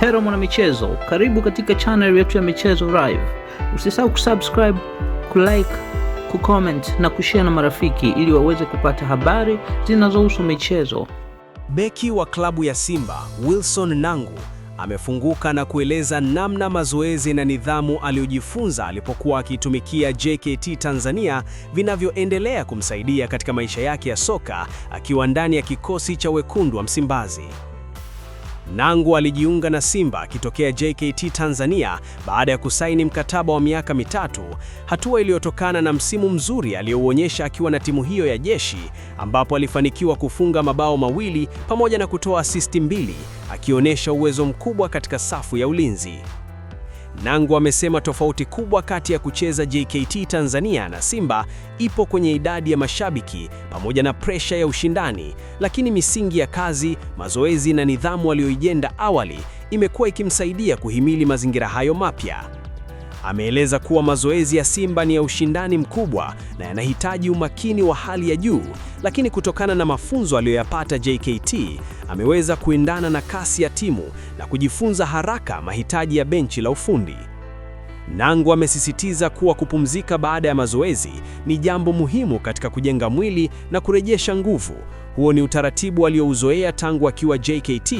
Hero mwana michezo, karibu katika channel yetu ya Michezo Live. Usisahau kusubscribe, kulike, kucomment na kushare na marafiki ili waweze kupata habari zinazohusu michezo. Beki wa klabu ya Simba Wilson Nangu amefunguka na kueleza namna mazoezi na nidhamu aliyojifunza alipokuwa akiitumikia JKT Tanzania vinavyoendelea kumsaidia katika maisha yake ya soka akiwa ndani ya kikosi cha Wekundu wa Msimbazi. Nangu alijiunga na Simba akitokea JKT Tanzania baada ya kusaini mkataba wa miaka mitatu, hatua iliyotokana na msimu mzuri aliyouonyesha akiwa na timu hiyo ya jeshi, ambapo alifanikiwa kufunga mabao mawili pamoja na kutoa asisti mbili, akionyesha uwezo mkubwa katika safu ya ulinzi. Nangu amesema tofauti kubwa kati ya kucheza JKT Tanzania na Simba ipo kwenye idadi ya mashabiki pamoja na presha ya ushindani, lakini misingi ya kazi, mazoezi na nidhamu aliyoijenda awali imekuwa ikimsaidia kuhimili mazingira hayo mapya. Ameeleza kuwa mazoezi ya Simba ni ya ushindani mkubwa na yanahitaji umakini wa hali ya juu, lakini kutokana na mafunzo aliyoyapata JKT ameweza kuendana na kasi ya timu na kujifunza haraka mahitaji ya benchi la ufundi. Nangu amesisitiza kuwa kupumzika baada ya mazoezi ni jambo muhimu katika kujenga mwili na kurejesha nguvu. Huo ni utaratibu aliouzoea tangu akiwa JKT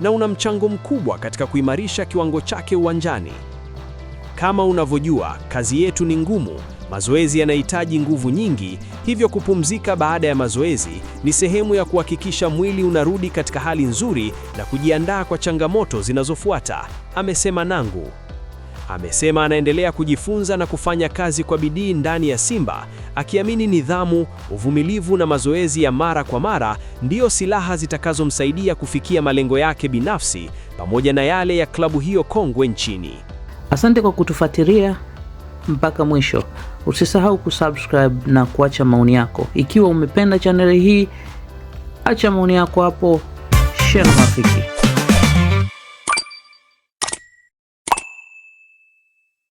na una mchango mkubwa katika kuimarisha kiwango chake uwanjani. Kama unavyojua, kazi yetu ni ngumu Mazoezi yanahitaji nguvu nyingi, hivyo kupumzika baada ya mazoezi ni sehemu ya kuhakikisha mwili unarudi katika hali nzuri na kujiandaa kwa changamoto zinazofuata, amesema Nangu. Amesema anaendelea kujifunza na kufanya kazi kwa bidii ndani ya Simba, akiamini nidhamu, uvumilivu na mazoezi ya mara kwa mara ndiyo silaha zitakazomsaidia kufikia malengo yake binafsi pamoja na yale ya klabu hiyo kongwe nchini. Asante kwa kutufuatilia mpaka mwisho. Usisahau kusubscribe na kuacha maoni yako. Ikiwa umependa chaneli hii, acha maoni yako hapo, share na marafiki.